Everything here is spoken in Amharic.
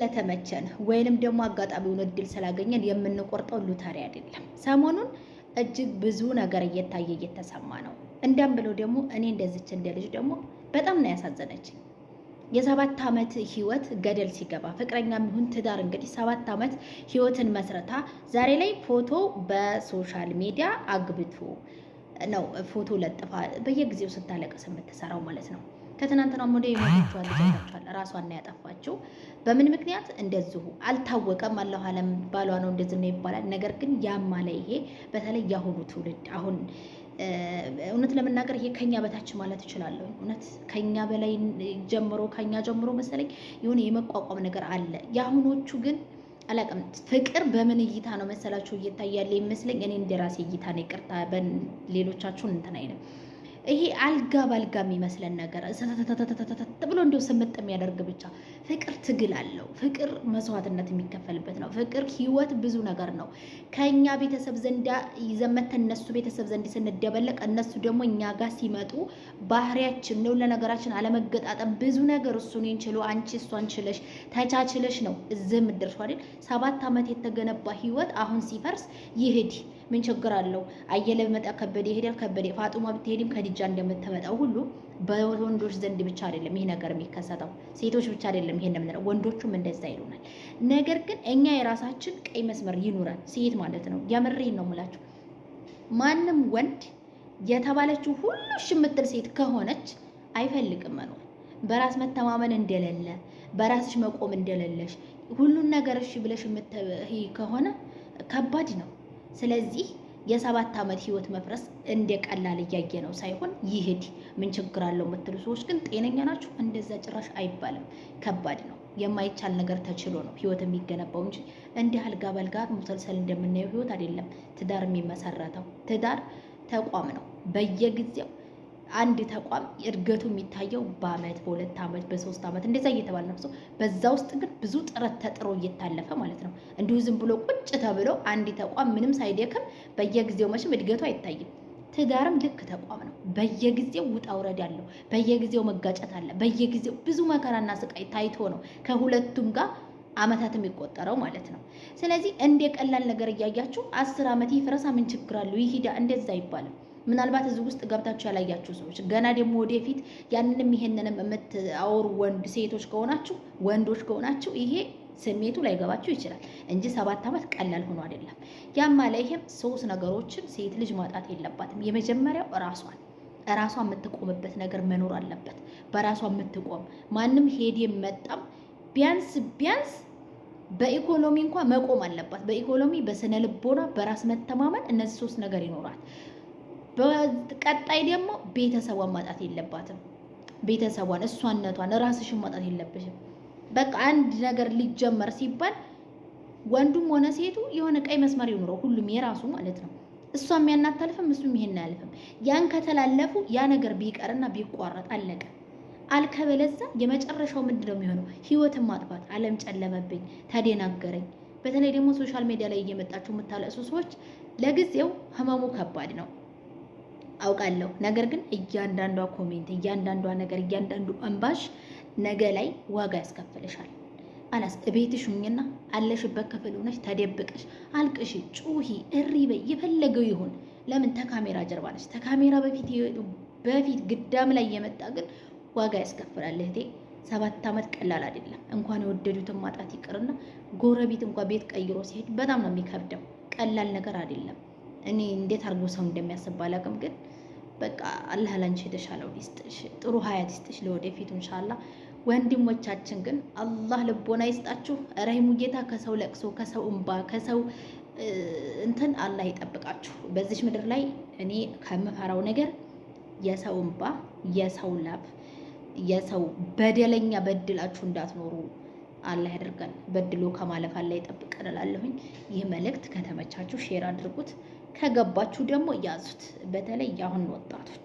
ስለተመቸን ወይንም ደግሞ አጋጣሚውን እድል ስላገኘን የምንቆርጠው ሉተሪ አይደለም። ሰሞኑን እጅግ ብዙ ነገር እየታየ እየተሰማ ነው። እንደም ብለው ደግሞ እኔ እንደዚች እንደ ልጅ ደግሞ በጣም ነው ያሳዘነች። የሰባት ዓመት ህይወት ገደል ሲገባ ፍቅረኛ ይሁን ትዳር እንግዲህ ሰባት ዓመት ህይወትን መስረታ ዛሬ ላይ ፎቶ በሶሻል ሚዲያ አግብቶ ነው ፎቶ ለጥፋ በየጊዜው ስታለቅስ የምትሰራው ማለት ነው። ከትናንትናም ወደ የሞቶቿ ልጅ ያታችኋል። ራሷን ያጠፋችው በምን ምክንያት እንደዚሁ አልታወቀም። አላሁ አለም ባሏ ነው እንደዚህ ነው ይባላል። ነገር ግን ያማ ላይ ይሄ በተለይ ያሁኑ ትውልድ አሁን እውነት ለመናገር ይሄ ከኛ በታች ማለት እችላለሁ። እውነት ከኛ በላይ ጀምሮ ከኛ ጀምሮ መሰለኝ የሆነ የመቋቋም ነገር አለ። የአሁኖቹ ግን አላውቅም። ፍቅር በምን እይታ ነው መሰላችሁ እየታያለ ይመስለኝ። እኔ እንደራሴ እይታ ነው። ይቅርታ በሌሎቻችሁን እንትን አይልም። ይሄ አልጋ ባልጋ የሚመስለን ነገር ብሎ እንዲሁ ስምጥ የሚያደርግ ብቻ። ፍቅር ትግል አለው። ፍቅር መስዋዕትነት የሚከፈልበት ነው። ፍቅር ህይወት ብዙ ነገር ነው። ከእኛ ቤተሰብ ዘንዳ ይዘመተ እነሱ ቤተሰብ ዘንድ ስንደበለቅ፣ እነሱ ደግሞ እኛ ጋር ሲመጡ ባህሪያችን ነው ለነገራችን አለመገጣጠም ብዙ ነገር እሱ ችሎ አንቺ እሷን ችለሽ ተቻችለሽ ነው እዚህ የምትደርሺው አይደል? ሰባት ዓመት የተገነባ ህይወት አሁን ሲፈርስ ይሄድ ምን ችግር አለው? አየለ በመጣ ከበደ ይሄዳል። ከበደ ፋጡማ ብትሄድም ከዲ እርምጃ እንደምትመጣው ሁሉ በወንዶች ዘንድ ብቻ አይደለም ይሄ ነገር የሚከሰተው፣ ሴቶች ብቻ አይደለም ይሄን የምንለው ወንዶቹም እንደዛ ይሉናል። ነገር ግን እኛ የራሳችን ቀይ መስመር ይኑረን፣ ሴት ማለት ነው። የምሬን ነው የምላችሁ። ማንም ወንድ የተባለችው ሁሉ እሺ የምትል ሴት ከሆነች አይፈልግም መኖር በራስ መተማመን እንደሌለ በራስሽ መቆም እንደሌለሽ ሁሉን ነገር እሺ ብለሽ ከሆነ ከባድ ነው። ስለዚህ የሰባት ዓመት ህይወት መፍረስ እንደ ቀላል እያየ ነው ሳይሆን ይሄድ ምን ችግር አለው የምትሉ ሰዎች ግን ጤነኛ ናቸው? እንደዛ ጭራሽ አይባልም። ከባድ ነው። የማይቻል ነገር ተችሎ ነው ህይወት የሚገነባው እንጂ እንዲህ አልጋ በልጋ ሙሰልሰል እንደምናየው ህይወት አይደለም ትዳር የሚመሰረተው። ትዳር ተቋም ነው። በየጊዜው አንድ ተቋም እድገቱ የሚታየው በአመት በሁለት አመት በሶስት አመት እንደዛ እየተባለ ነው። በዛ ውስጥ ግን ብዙ ጥረት ተጥሮ እየታለፈ ማለት ነው። እንዲሁ ዝም ብሎ ቁጭ ተብሎ አንድ ተቋም ምንም ሳይደክም በየጊዜው መቼም እድገቱ አይታይም። ትዳርም ልክ ተቋም ነው። በየጊዜው ውጣ ውረድ አለው። በየጊዜው መጋጨት አለ። በየጊዜው ብዙ መከራና ስቃይ ታይቶ ነው ከሁለቱም ጋር አመታት የሚቆጠረው ማለት ነው። ስለዚህ እንደ ቀላል ነገር እያያችሁ አስር አመት ይፍረሳ ምን ችግር አለው ይሂዳ እንደዛ አይባልም። ምናልባት እዚህ ውስጥ ገብታችሁ ያላያችሁ ሰዎች ገና ደግሞ ወደፊት ያንንም ይሄንንም የምትአውሩ ወንድ ሴቶች ከሆናችሁ ወንዶች ከሆናችሁ ይሄ ስሜቱ ላይገባችሁ ይችላል እንጂ ሰባት ዓመት ቀላል ሆኖ አይደለም። ያማ ላይህም ሶስት ነገሮችን ሴት ልጅ ማጣት የለባትም። የመጀመሪያው ራሷን ራሷ የምትቆምበት ነገር መኖር አለበት። በራሷ የምትቆም ማንም ሄድ መጣም ቢያንስ ቢያንስ በኢኮኖሚ እንኳን መቆም አለባት። በኢኮኖሚ በስነ ልቦና፣ በራስ መተማመን እነዚህ ሶስት ነገር ይኖራል። በቀጣይ ደግሞ ቤተሰቧን ማጣት የለባትም። ቤተሰቧን እሷነቷን ራስሽን ማጣት የለብሽም። በቃ አንድ ነገር ሊጀመር ሲባል ወንዱም ሆነ ሴቱ የሆነ ቀይ መስመር ይኑረው፣ ሁሉም የራሱ ማለት ነው። እሷም ያን አታልፍም፣ እሱም ይሄን አያልፍም። ያን ከተላለፉ ያ ነገር ቢቀርና ቢቋረጥ አለቀ። አልከበለዛ የመጨረሻው ምንድነው የሚሆነው? ህይወትን ማጥፋት። ዓለም ጨለመብኝ፣ ተደናገረኝ። በተለይ ደግሞ ሶሻል ሚዲያ ላይ እየመጣችሁ የምታለቅሱ ሰዎች ለጊዜው ህመሙ ከባድ ነው። አውቃለሁ። ነገር ግን እያንዳንዷ ኮሜንት፣ እያንዳንዷ ነገር፣ እያንዳንዱ እንባሽ ነገ ላይ ዋጋ ያስከፍልሻል። አላስ እቤትሽ ሁኝና አለሽበት ክፍል ሆነሽ ተደብቀሽ አልቅሽ፣ ጩሂ፣ እሪ በይ፣ የፈለገው ይሁን። ለምን ተካሜራ ጀርባ ነች። ተካሜራ በፊት በፊት ግዳም ላይ የመጣ ግን ዋጋ ያስከፍላል እህቴ። ሰባት ዓመት ቀላል አይደለም። እንኳን የወደዱትን ማጣት ይቅርና ጎረቤት እንኳ ቤት ቀይሮ ሲሄድ በጣም ነው የሚከብደው። ቀላል ነገር አይደለም። እኔ እንዴት አድርጎ ሰው እንደሚያስብ ባላውቅም ግን በቃ አላህ ላንቺ የተሻለው ይስጥሽ፣ ጥሩ ሀያት ይስጥሽ ለወደፊቱ እንሻላ። ወንድሞቻችን ግን አላህ ልቦና ይስጣችሁ። ረሂሙ ጌታ ከሰው ለቅሶ፣ ከሰው እንባ፣ ከሰው እንትን አላህ ይጠብቃችሁ። በዚች ምድር ላይ እኔ ከምፈራው ነገር የሰው እንባ፣ የሰው ላብ፣ የሰው በደለኛ በድላችሁ እንዳትኖሩ አላህ ያደርጋል። በድሎ ከማለፍ አላህ ይጠብቀን እላለሁኝ። ይህ መልእክት ከተመቻችሁ ሼር አድርጉት። ከገባችሁ ደግሞ ያዙት። በተለይ አሁን ወጣቶች